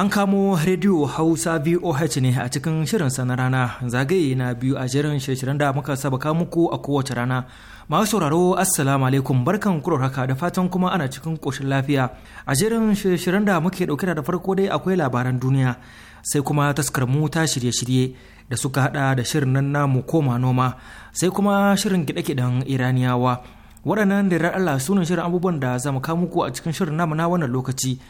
An kamo rediyo Hausa VOH ne a cikin shirin sa na rana zagaye na biyu a jerin shirin da muka sabaka muku a kowace rana. Masu sauraro Assalamu alaikum barkan kurar haka da fatan kuma ana cikin koshin lafiya. A jerin shirin da muke ɗauke da farko dai akwai labaran duniya sai kuma taskar mu ta shirye-shirye da suka hada da shirin nan namu koma noma sai kuma shirin kiɗe-kiɗen Iraniyawa. Waɗannan da Allah sunan shirin abubuwan da zamu kawo muku a cikin shirin namu na wannan lokaci.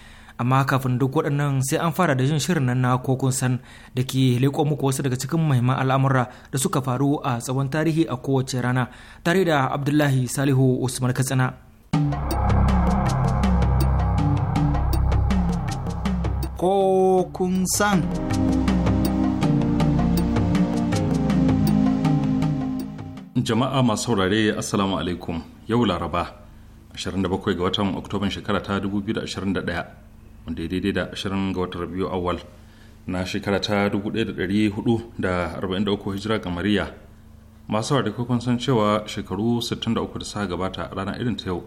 amma kafin duk waɗannan sai an fara da jin shirin nan na kokun san da ke leƙo muku wasu daga cikin mahimman al'amura da suka faru a tsawon tarihi a kowace rana tare da abdullahi salihu usman katsina kokun san jama'a masu saurare assalamu alaikum yau laraba 27 ga watan oktoban shekara ta wanda ya daidai da 20 ga watan rabiu awal na shekara ta 1443 hijira ga Mariya masu wa da san cewa shekaru 63 da sa gabata ranar irin ta yau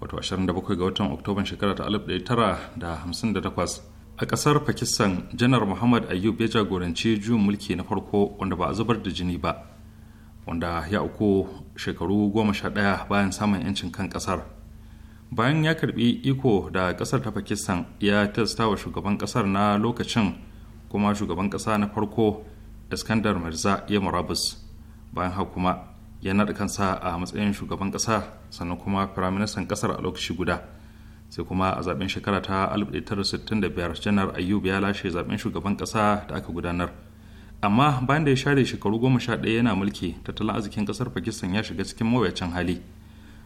wato 27 ga watan oktoban shekara ta 1958 a kasar pakistan janar muhammad ayyub ya jagoranci juyin mulki na farko wanda ba a zubar da jini ba wanda ya uku shekaru 11 bayan samun 'yancin kan kasar bayan ya karbi iko da kasar ta pakistan ya tasta wa shugaban kasar na lokacin kuma shugaban kasa na farko iskandar mirza ya murabus bayan haka kuma ya naɗa kansa a matsayin shugaban kasa sannan kuma firaministan kasar a lokaci guda sai kuma a zaben shekara ta 1965 janar ayyub ya lashe zaben shugaban kasa da aka gudanar amma bayan da ya share shekaru goma sha ɗaya yana mulki tattalin arzikin kasar pakistan ya shiga cikin mawuyacin hali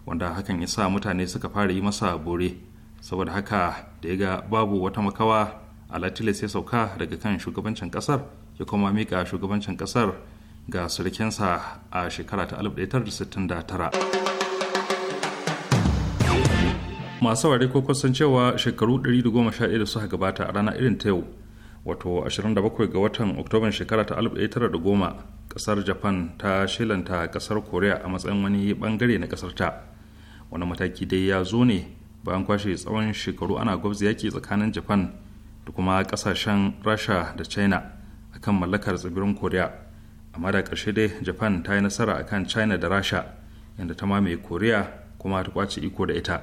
wanda hakan ya sa mutane suka fara yi masa bore saboda haka da ya ga babu wata makawa alatile sai sauka daga kan shugabancin kasar ya kuma mika shugabancin kasar ga surukinsa a shekara ta 1969 masu ware ko kusan cewa shekaru 111 da suka gabata a rana irin ta yau wato 27 ga watan oktoban shekara ta 1910 kasar japan ta shilanta kasar korea a matsayin wani bangare na kasar ta wani mataki dai ya zo ne bayan kwashe tsawon shekaru ana gwabza yaki tsakanin japan da kuma kasashen rasha da china akan mallakar tsibirin korea amma da ƙarshe dai japan ta yi nasara akan china da rasha inda ta mamaye koriya kuma ta kwace iko da ita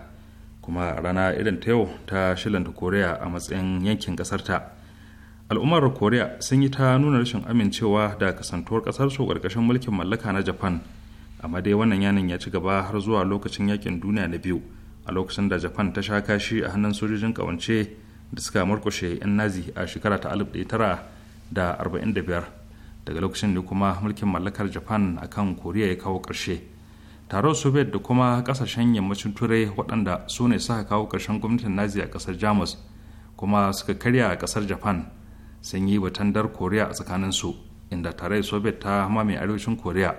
kuma rana irin ta yau ta shilanta koriya a matsayin yankin ƙasarta al'ummar koriya sun yi ta nuna rashin amincewa da kasantuwar su ƙarƙashin mulkin mallaka na japan amma dai wannan yanin ya ci gaba har zuwa lokacin yakin duniya na biyu a lokacin da japan ta sha kashi a hannun sojojin kawance da suka murkushe 'yan nazi a shekara ta 1945 daga lokacin ne kuma mulkin mallakar japan a kan koriya ya kawo ƙarshe taro soviet da kuma kasashen yammacin turai waɗanda su ne suka kawo ƙarshen gwamnatin nazi a ƙasar jamus kuma suka karya a ƙasar japan sun yi batandar koriya a tsakaninsu inda tare soviet ta mamaye arewacin koriya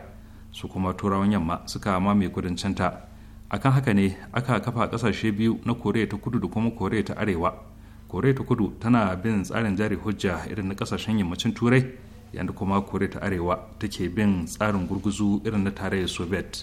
su kuma turawan yamma suka mamaye kudancinta akan haka ne aka kafa kasashe biyu na koriya ta kudu da kuma koriya ta arewa koriya ta kudu tana bin tsarin jari hujja irin na kasashen yammacin turai yadda kuma koriya ta arewa take bin tsarin gurguzu irin na tarayyar soviet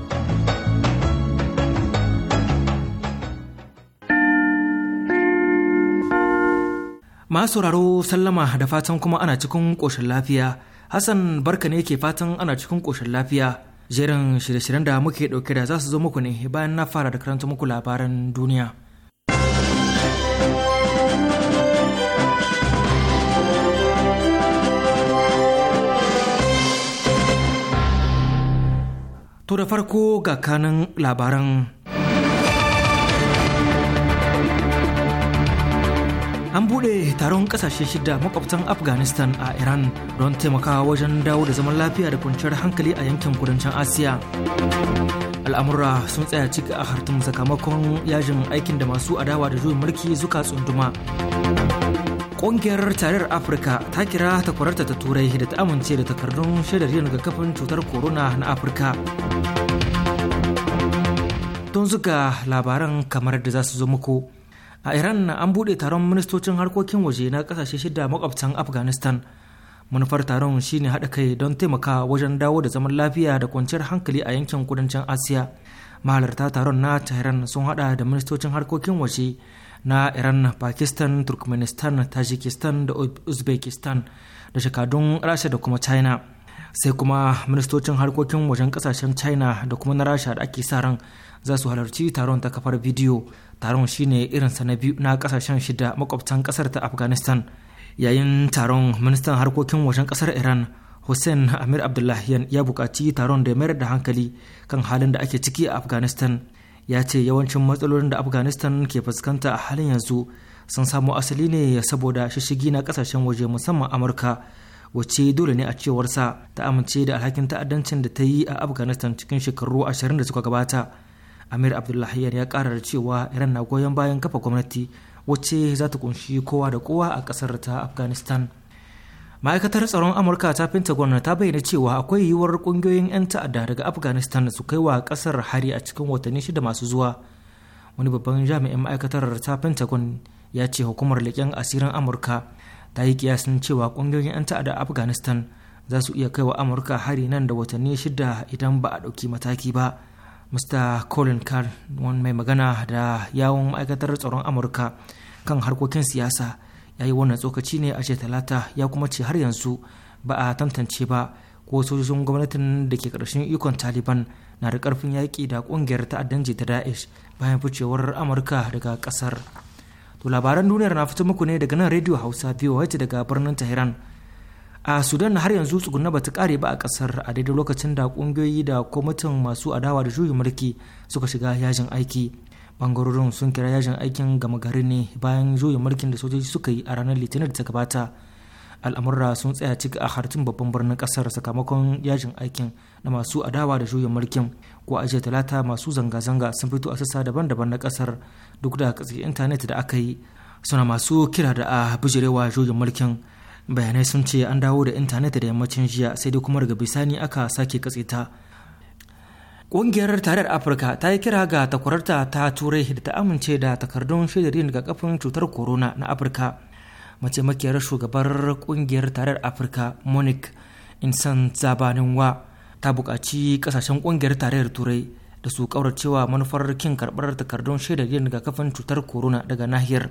Masu sauraro sallama da fatan kuma ana cikin ƙoshin lafiya. Hassan barka ne ke fatan ana cikin ƙoshin lafiya. Jerin shirye-shiryen da muke ɗauke da za su zo muku ne bayan na fara da karanta muku labaran duniya. To da farko ga kanin labaran an buɗe taron ƙasashe shida makwabtan afghanistan a iran don taimakawa wajen dawo da zaman lafiya da kwanciyar hankali a yankin kudancin asiya al'amura sun tsaya ciki a hartum sakamakon yajin aikin da masu adawa da juyin mulki zuka tsunduma ƙungiyar tarayyar afirka ta kira takwararta ta turai da ta amince da takardun shaidar yin rigakafin cutar corona na afirka don zuga labaran kamar da za su zo muku a iran an buɗe taron ministocin harkokin waje na ƙasashe shida makwabtan afghanistan manufar taron shine haɗa kai don taimaka wajen dawo da zaman lafiya da kwanciyar hankali a yankin kudancin asiya mahalarta taron na tehran sun haɗa da ministocin harkokin waje na iran pakistan turkmenistan tajikistan da uzbekistan da shekadun rasha da kuma china sai kuma ministocin harkokin wajen kasashen china da kuma na rasha da ake sa ran za su halarci taron ta kafar bidiyo taron shine irinsa na biyu na kasashen shida makwabtan kasar ta afghanistan yayin taron ministan harkokin wajen kasar iran hussein amir abdullahian ya bukaci taron da mayar da hankali kan halin da ake ciki a afghanistan ya ce yawancin matsalolin da afghanistan ke fuskanta a halin yanzu sun samo asali ne saboda shishigi na kasashen waje musamman amurka wacce dole ne a cewar sa ta amince da alhakin ta'addancin da ta yi a afghanistan cikin shekaru ashirin da suka gabata amir abdullahi ya kara da cewa iran na goyon bayan kafa gwamnati wacce za ta kunshi kowa da kowa a kasar ta afghanistan ma'aikatar tsaron amurka ta pentagon ta bayyana cewa akwai yiwuwar kungiyoyin 'yan ta'adda daga afghanistan su kai wa kasar hari a cikin watanni shida masu zuwa wani babban jami'in ma'aikatar ta pentagon ya ce hukumar leƙen asirin amurka ta yi kiyasin cewa ƙungiyoyin 'yan ta'adda afghanistan za su iya kaiwa amurka hari nan da watanni shida idan ba a ɗauki mataki ba mr colin carr wani mai magana da yawon ma'aikatar tsaron amurka kan harkokin siyasa ya yi wannan tsokaci ne a talata ya kuma ce har yanzu ba a tantance ba ko sojojin gwamnatin da ke karshen ikon taliban na da karfin yaƙi da ƙungiyar ta'addanci ta daesh bayan ficewar amurka daga ƙasar To labaran duniyar na fito muku ne daga nan Radio Hausa VOH daga birnin Tehran. A ah, Sudan har yanzu tsugunna ba ta kare ba a kasar a daidai lokacin da kungiyoyi da kwamitin masu adawa da juyin mulki suka shiga yajin aiki. Bangarorin sun kira yajin aikin gama gari ne bayan juyin mulkin da sojoji suka yi a ranar Litinin da ta gabata. Al'amurra sun tsaya ciki a hartun babban birnin kasar sakamakon yajin aikin na masu adawa da juyin mulkin. ko ajiye talata masu zanga-zanga sun fito a sassa daban-daban na kasar duk da katse intanet da aka yi suna masu kira da a bijirewa jirgin mulkin bayanai sun ce an dawo da intanet da yammacin jiya sai dai kuma daga bisani aka sake katse ta Ƙungiyar Tarayyar Afirka ta yi kira ga takwararta ta Turai da ta amince da takardun shaidar yin kafin cutar corona na Afirka. mace Mataimakiyar shugabar ƙungiyar Tarayyar Afirka Monique Insan Zabaninwa ta buƙaci ƙasashen ƙungiyar tarayyar turai da su ƙauracewa manufar kin karɓar takardun shaidar yin rigakafin cutar corona daga nahiyar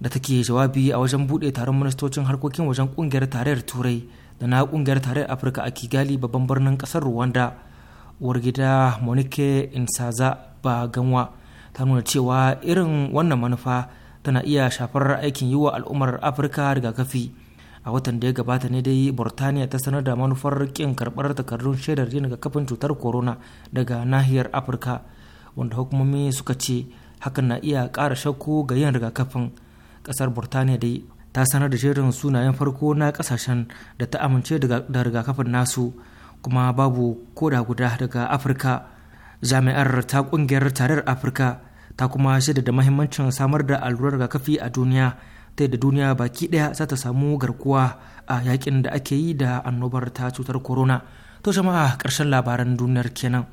da take jawabi a wajen buɗe taron ministocin harkokin wajen ƙungiyar tarayyar turai da na ƙungiyar tarayyar afirka a kigali babban birnin ƙasar rwanda uwar gida monique insaza ba ganwa ta nuna cewa irin wannan manufa tana iya shafar aikin yi wa al'ummar afirka rigakafi a watan da ya gabata ne dai burtaniya ta sanar da manufar kin karbar takardun shaidar yin kafin cutar corona daga nahiyar afirka wanda hukumomi suka ce hakan na iya ƙara shakku ga yin rigakafin kasar burtaniya dai ta sanar da shaidar sunayen farko na kasashen da ta amince da rigakafin nasu kuma babu koda guda daga afirka jami'ar ta kungiyar tarayyar afirka ta kuma shaida da mahimmancin samar da allurar rigakafi a duniya ta yadda duniya baki ɗaya za ta samu garkuwa a yakin da ake yi da annobar ta cutar corona to jama'a karshen labaran duniyar kenan.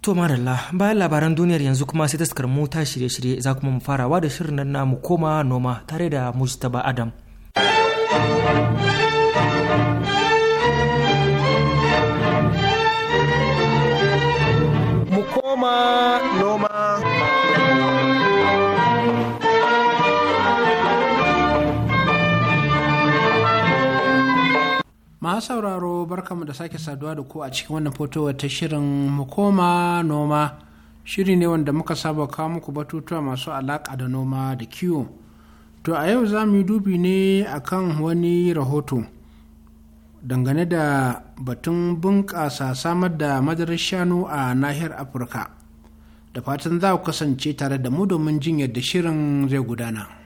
To maralla bayan labaran duniyar yanzu kuma sai taskar mu ta shirye-shirye za kuma mu farawa da shirin nan namu koma noma tare da Mustapha Adam. noma noma masu sauraro barkamu da sake saduwa da ku a cikin wannan fotowar ta shirin mukoma noma shiri ne wanda muka saba kawo muku batutuwa masu alaƙa da noma da kiwo to a yau za mu yi dubi ne akan wani rahoto dangane da batun bunƙasa samar da madarar shanu a nahiyar afirka da fatan za ku kasance tare da mu domin jin yadda shirin zai gudana.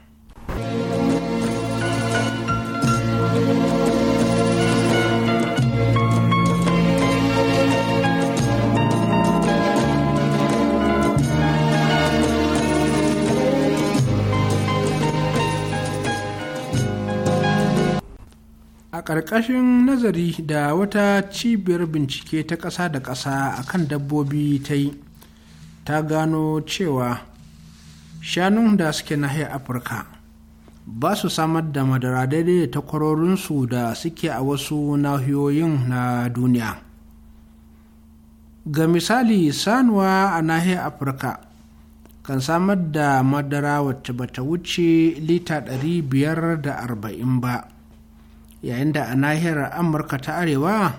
a ƙarƙashin nazari da wata cibiyar bincike ta ƙasa da ƙasa a kan dabbobi ta yi ta gano cewa shanun da suke nahiyar afirka ba su samar da madara daidai da takwarorinsu da suke a wasu nahiyoyin na duniya ga misali sanuwa a nahiyar afirka kan samar da madara wacce bata wuce lita 540 ba yayin da a nahiyar amurka ta arewa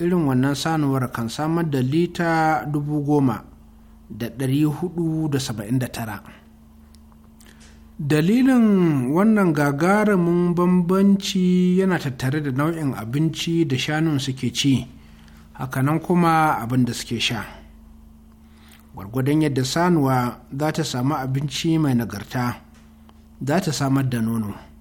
irin wannan sanuwar kan samar da lita dubu goma da ɗari hudu da saba'in da tara dalilin wannan gagarumin bambanci yana tattare da nau'in abinci da shanun suke ci hakanan kuma abin da suke sha gwargwadon yadda sanuwa za ta samu abinci mai nagarta za ta samar da nono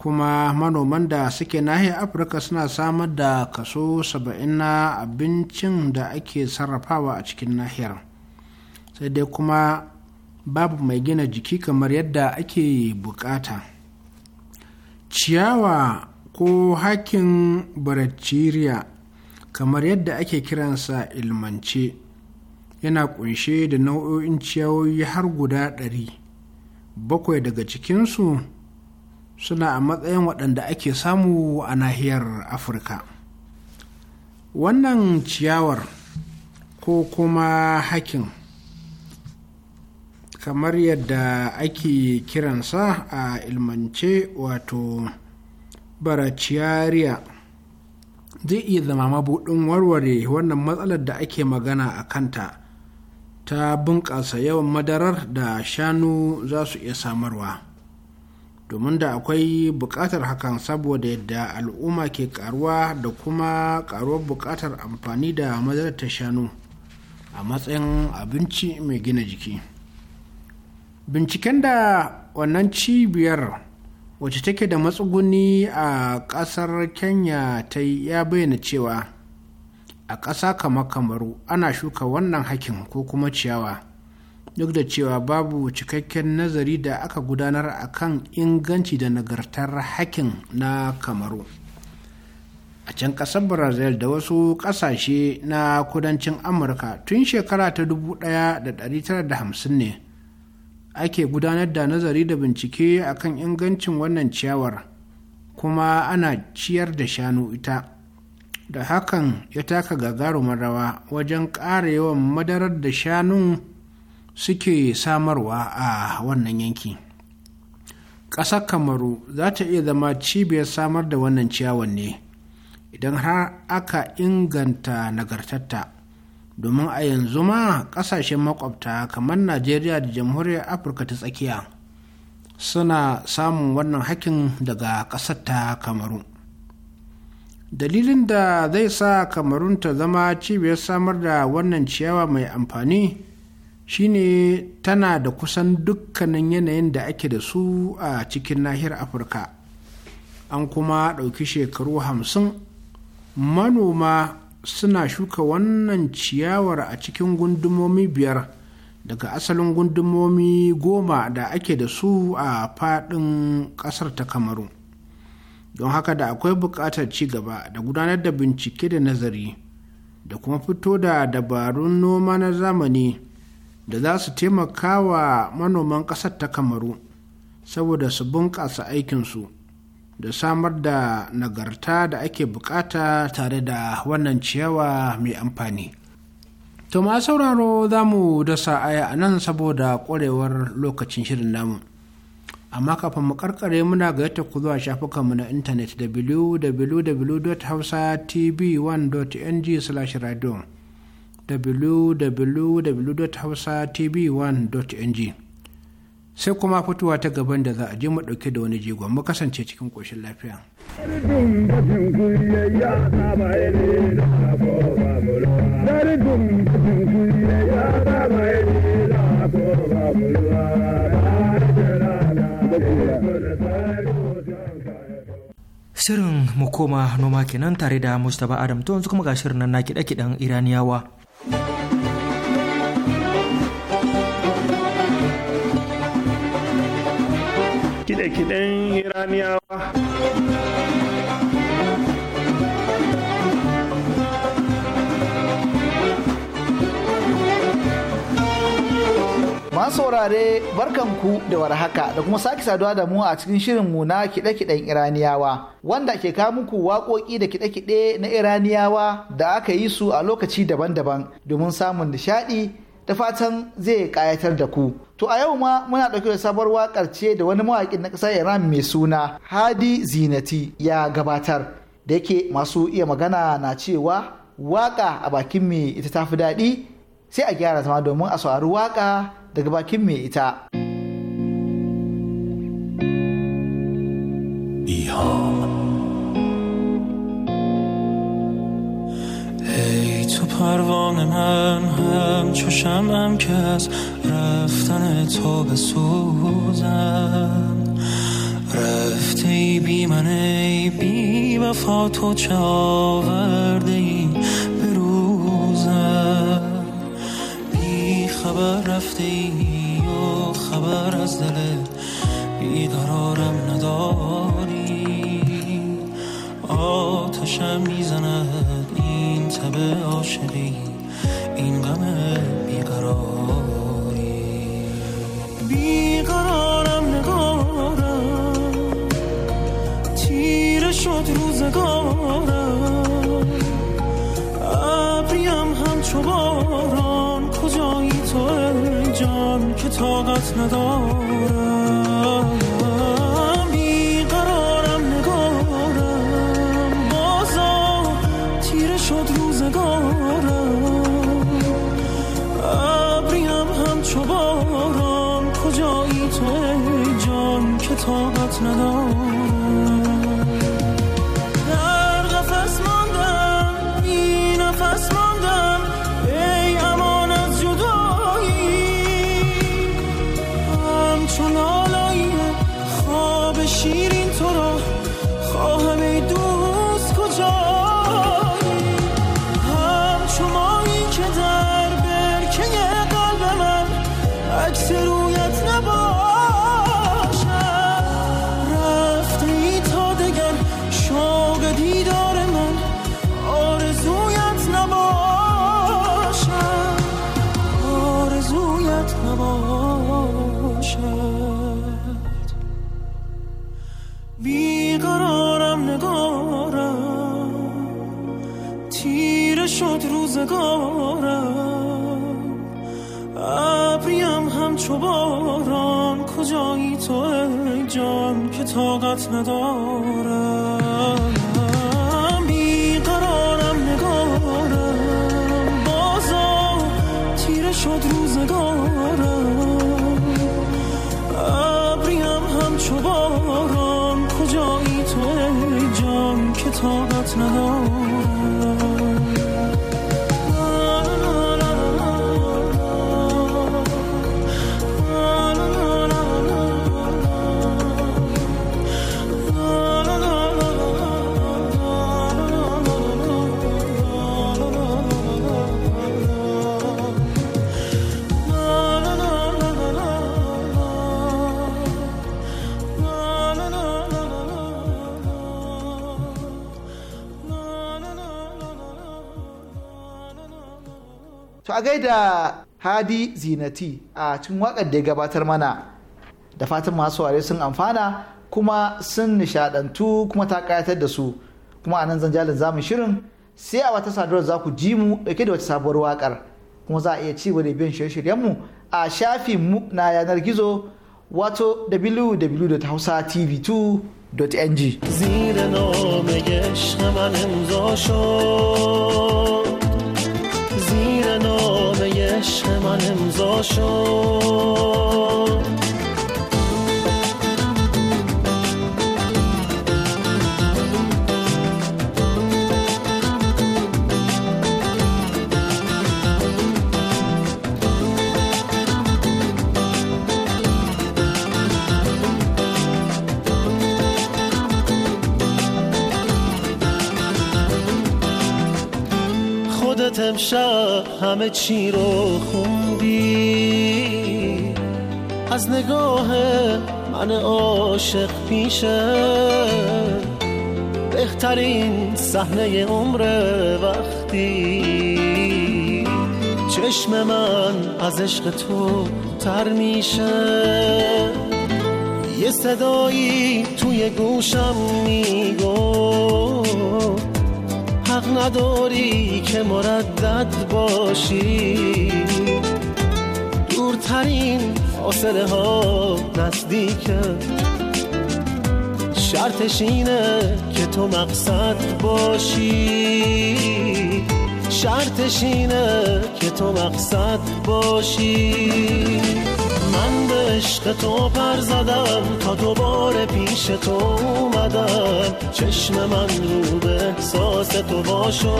kuma manoman da suke nahiyar afirka suna samar da kaso 70 na abincin da ake sarrafawa a cikin nahiyar sai dai kuma babu mai gina jiki kamar yadda ake bukata ciyawa ko hakin brachyria kamar yadda ake kiransa ilmance yana kunshe da nau'o'in ciyawoyi har guda ɗari bakwai daga cikinsu suna a matsayin waɗanda ake samu a nahiyar afirka wannan ciyawar ko kuma hakin kamar yadda ake kiransa a ilmance wato baraciyariya zai iya zama mabuɗin warware wannan matsalar da ake magana a kanta ta bunƙasa yawan madarar da shanu za su iya samarwa domin da akwai buƙatar hakan saboda yadda al'umma ke karuwa da kuma karuwar buƙatar amfani da madarar ta shanu a matsayin abinci mai gina jiki binciken da wannan cibiyar wacce take da matsuguni a ƙasar kenya ta ya bayyana cewa a ƙasa kamar kamaru ana shuka wannan hakin ko kuma ciyawa duk da cewa babu cikakken nazari da aka gudanar a kan inganci da nagartar hakin na kamaru a can ƙasar brazil da wasu ƙasashe na kudancin amurka tun shekara ta 1950 ne ake gudanar da nazari da bincike a kan ingancin wannan ciyawar kuma ana ciyar da shanu ita da hakan ya taka gagarumar rawa wajen ƙara yawan madarar da shanun suke samarwa a wannan yanki ƙasar kamaru za ta iya zama cibiyar samar da wannan ciyawan ne idan har aka inganta nagartatta domin a yanzu ma ƙasashen makwabta kamar najeriya da jamhuriyar afirka ta tsakiya suna samun wannan hakin daga ƙasar ta kamaru dalilin da zai sa kamarun ta zama cibiyar samar da wannan ciyawa mai amfani shine tana da kusan dukkanin yanayin da ake da su a cikin nahiyar afirka an kuma ɗauki shekaru hamsin manoma suna shuka wannan ciyawar a cikin gundumomi biyar daga asalin gundumomi goma da ake da su a faɗin ƙasar ta kamaru don haka da akwai buƙatar ci gaba da gudanar da bincike da nazari da kuma fito da dabarun noma na zamani da za su taimaka wa manoman ƙasar ta kamaru saboda su bunƙasa aikinsu da samar da nagarta da ake bukata tare da wannan ciyawa mai amfani to ma sauraro za mu dasa aya a nan saboda ƙwarewar lokacin shirin namu amma kafin mu karkare muna ga yadda ku zuwa shafukanmu na intanet www.hausatv1.ng/radio www.hausatv1.ng sai kuma fitowa ta gaban da za a je mu dauke da wani jigon mu kasance cikin ƙoshin lafiya. Shirin mu koma noma kenan tare da Mustapha Adam to yanzu kuma ga shirin nan na kiɗe-kiɗen Iraniyawa. kiɗe-kiɗen iraniyawa saurare barkanku da warhaka da kuma sake saduwa da mu a cikin shirinmu na kiɗe-kiɗen iraniyawa wanda ke kawo muku waƙoƙi da kiɗe-kiɗe na iraniyawa da aka yi su a lokaci daban-daban domin samun nishaɗi da fatan zai ƙayatar da ku To a yau ma muna ɗauke da sabuwar waƙar ce da wani mawaƙin na ƙasar Iran mai suna Hadi Zinati ya gabatar da yake masu iya magana na cewa waƙa a bakin mai ita ta fi daɗi sai a gyara zama domin a saurari waƙa daga bakin mai ita. پروانه من که رفتن تو به سوزن رفتی بی من ای بی وفا تو چه آورده ای به روزن بی خبر رفتی و خبر از دل بیقرارم نداری آتشم میزند این تب عاشقی این غم بیقرار روزگارم ابریم هم باران کجایی تو جان که طاقت ندارم to a gaida hadi zinati a cikin wakar da ya gabatar mana da fatan masu ware sun amfana kuma sun nishadantu kuma ta kayatar da su kuma a nan zanjalin zamu shirin sai a wata sadarwar za ku ji mu dauke da wata sabuwar wakar kuma za a iya ci da biyan shirye-shiryenmu a shafin mu na yanar gizo wato www.hausatv2.ng زیر نام گشت من امضا شد عشق من امضا شد امشب همه چی رو خوندی از نگاه من عاشق پیشه بهترین صحنه عمر وقتی چشم من از عشق تو تر میشه یه صدایی توی گوشم میگو نداری که مردد باشی دورترین فاصله ها نزدیک شرطش اینه که تو مقصد باشی شرطش اینه که تو مقصد باشی من به عشق تو پر زدم تا دوباره پیش تو اومدم چشم من رو به احساس تو باشو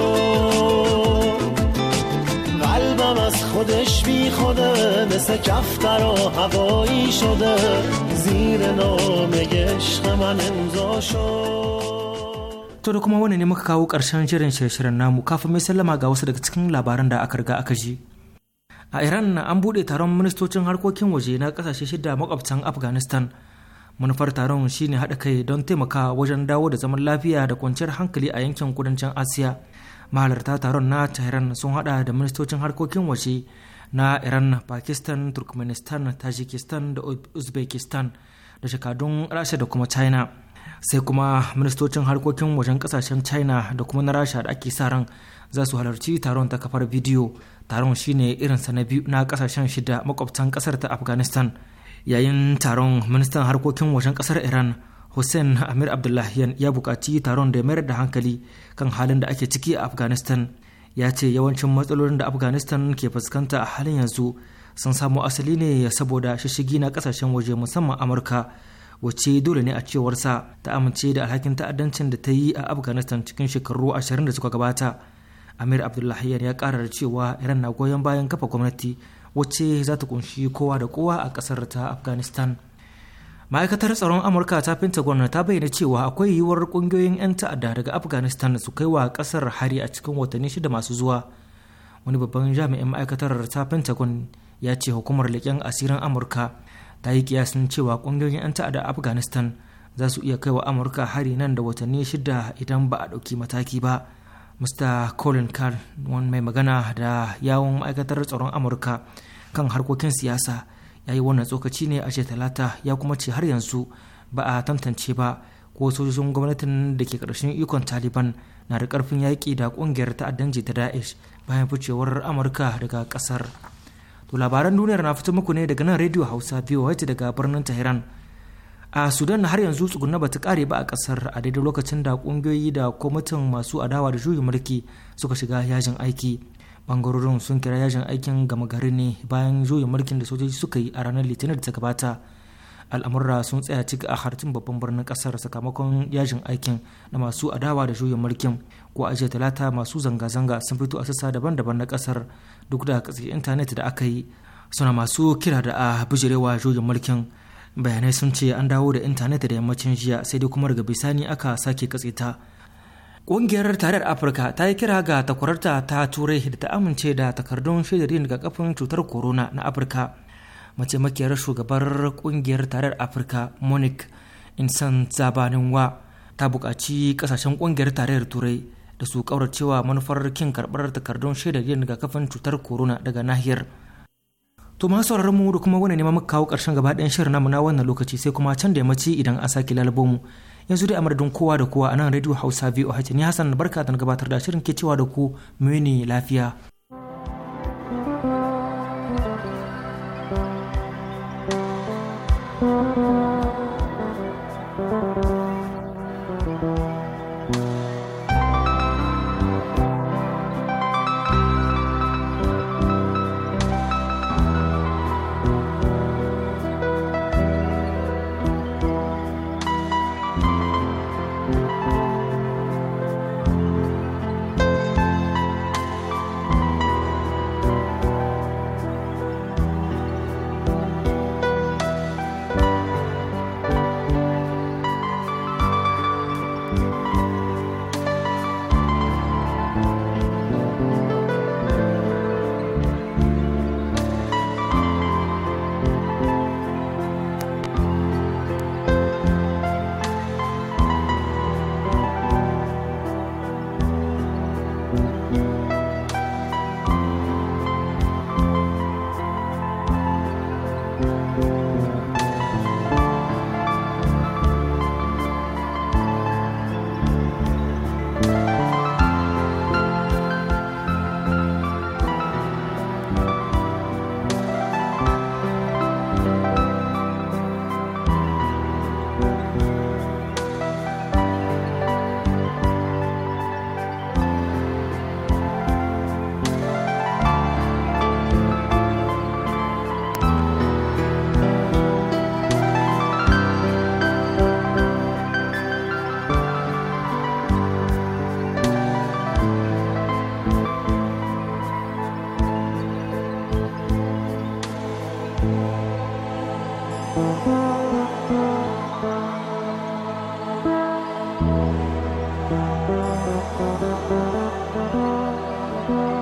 قلبم از خودش بی خوده مثل کفتر و هوایی شده زیر نام عشق من امضا شد To da kuma wannan ne muka kawo ƙarshen shirin shirin namu kafin mai sallama ga wasu daga cikin labaran da aka riga aka ji. a iran an buɗe taron ministocin harkokin waje na ƙasashe shida makwabtan afghanistan manufar taron shine haɗa kai don taimaka wajen dawo da zaman lafiya da kwanciyar hankali a yankin kudancin asiya mahalarta taron na tehran sun haɗa da ministocin harkokin waje na iran pakistan turkmenistan tajikistan da uzbekistan da shekadun rasha da kuma china sai kuma ministocin harkokin wajen kasashen china da kuma na rasha da ake sa ran za su halarci taron ta kafar bidiyo taron shine irinsa na biyu na kasashen shida makwabtan kasar ta afghanistan yayin taron ministan harkokin wajen kasar iran hussein amir abdullahian ya bukaci taron da ya mayar da hankali kan halin da ake ciki a afghanistan ya ce yawancin matsalolin da afghanistan ke fuskanta a halin yanzu sun samo asali ne saboda shishigi na kasashen waje musamman amurka wacce dole ne a cewar sa ta amince da alhakin ta'addancin da ta yi a afghanistan cikin shekaru ashirin da suka gabata amir abdullahiyar ya karar cewa iran na goyon bayan kafa gwamnati wacce za ta kunshi kowa da kowa a kasar ta afghanistan ma'aikatar tsaron amurka ta pentagon ta bayyana cewa akwai yiwuwar kungiyoyin 'yan ta'adda daga afghanistan su kai wa kasar hari a cikin watanni shida masu zuwa wani babban jami'in ma'aikatar ta pentagon ya ce hukumar leƙen asirin amurka ta yi kiyasin cewa ƙungiyoyin 'yan ta'adda afghanistan za su iya kai wa amurka hari nan da watanni shida idan ba a ɗauki mataki ba mr colin carr wani mai magana da yawon ma'aikatar tsaron amurka kan harkokin siyasa ya yi wannan tsokaci ne a ce talata ya kuma ce har yanzu ba a tantance ba ko sojojin gwamnatin da ke karshen ikon taliban na da ƙarfin yaƙi da ƙungiyar ta'addanci ta daesh bayan ficewar amurka daga ƙasar To labaran duniyar na fito muku ne daga nan Radio Hausa VOH daga birnin Tehran. A ah, Sudan har yanzu tsuguna bata kare ba a kasar a daidai lokacin da kungiyoyi da kwamitin masu adawa da juyin mulki suka shiga yajin aiki. Bangarorin sun kira yajin aikin gama gari ne bayan juyin mulkin da sojoji suka yi a ranar Litinin da ta gabata. al'amurra sun tsaya ciki a harcin babban birnin kasar sakamakon yajin aikin na masu adawa da juyin mulkin ko a talata masu zanga-zanga sun fito a sassa daban-daban na kasar duk da kasar intanet da aka yi suna masu kira da a bijirewa juyin mulkin bayanai sun ce an dawo da intanet da yammacin jiya sai dai kuma daga bisani aka sake ta. Ƙungiyar Tarayyar Afirka ta yi kira ga takwararta ta Turai da ta amince da takardun shaidarin daga kafin cutar corona na Afirka. mataimakiyar shugabar kungiyar tarar afirka san zabanin zabaninwa ta buƙaci ƙasashen kungiyar tarayyar turai da su kauracewa manufar kin karɓar takardun shaidar yin rigakafin cutar corona daga nahiyar to ma sauraron mu da kuma wani neman muka kawo ƙarshen gaba ɗayan shirin namu na wannan lokaci sai kuma can da yammaci idan an sake lalabo yanzu dai a madadin kowa da kowa a nan radio hausa voh ni hassan barka da gabatar da shirin ke cewa da ku mene lafiya Thank you. Thank you.